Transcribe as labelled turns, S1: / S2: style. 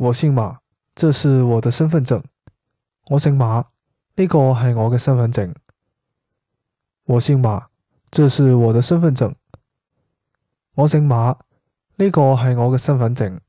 S1: 我姓馬，這是我的身份證。我姓馬，呢個係我嘅身份證。我姓馬，這是我的身份證。我姓馬，呢個係我嘅身份證。